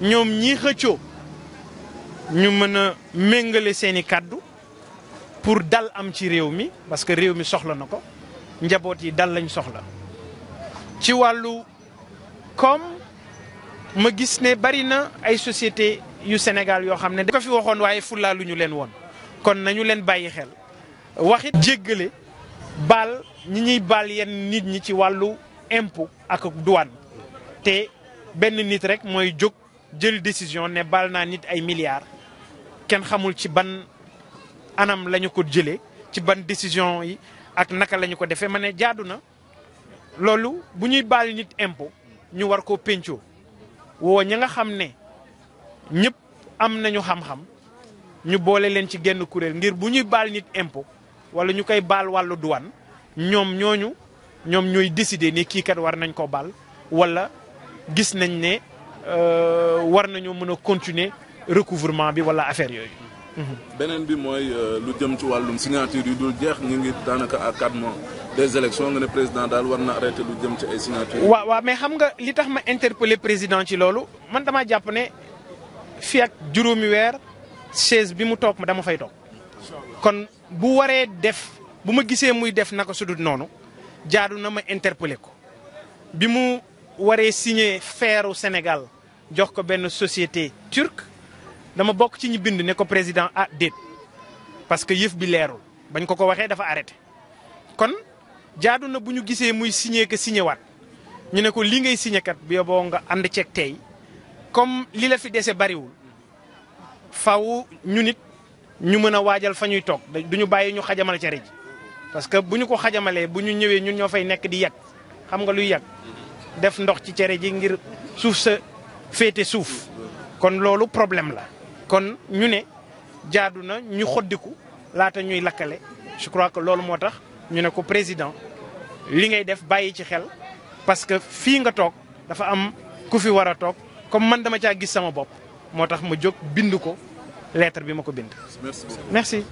ñoom ñii xëccoo ñu mën a méngale seeni kàddu pour dal am ci réew mi parce que réew mi soxla na ko njaboot yi dal lañ soxla ci wàllu koom ma gis ne bari na ay société yu senegal yoo xam ne da ko fi waxoon waaye fulaa lu ñu leen woon kon nañu leen bàyyi xel waxit jéggale baal ñi ñuy baal yenn nit ñi ci wàllu impôt ak douane te benn nit rek mooy jóg jël décision ne baal naa nit ay milliards kenn xamul ci ban anam lañu ko jëlee ci ban décision yi ak naka lañu ko defee ma ne jaadu na loolu bu ñuy baal nit impo ñu war koo péncoo woo ña nga xam ne ñëpp am nañu xam-xam ñu boole leen ci genn kuréel ngir bu ñuy baal nit impo wala ñu koy baal wàllu duwaan ñoom ñooñu ñoom ñooy décider ni kii kat war nañ ko baal wala gis nañ ne. Euh, war nañoo mën a continuer recouvrement bi wala affaire yooyu. beneen bi mooy euh, lu jëm ci wàllum signature yu dul jeex ñu ngi daanaka ak quatre moo des élections nga ne président daal war na arrêté lu jëm ci ay signature. waaw waaw mais xam nga li tax ma interpellé président ci loolu man damaa jàpp ne fii ak juróomi weer chaise bi mu toog ma dama fay toog. kon bu waree def bu ma gisee muy def naka sudut noonu jaadu na ma interpellé ko bi mu waree signé feeru Sénégal jox ko benn société turque dama bokk ci ñi bind ne ko président ah déet parce que yëf bi bañ ko ko dafa arrêté kon jadu na bu ñu gisee muy signé que signé waat ñu ne ko li ngay signé kat bi yoboo nga ànd ceeg tey comme li la fi dese bariwul faw ñu nit ñu fa duñu bàyyi ñu xajamal cere ji parce que bu ko xajamalee bu ñu ñun ñoo fay nekk di yàgg xam nga luy def ndox ci cere ji ngir suuf sa féete suuf kon loolu problème la kon ñu ne jaadu na ñu xoddiku laata ñuy lakkale je crois que loolu moo tax ñu ne ko président li ngay def bàyyi ci xel parce que fii nga toog dafa am ku fi war a toog comme man dama caa gis sama bopp moo tax ma jóg bind ko lettre bi ma ko bind merci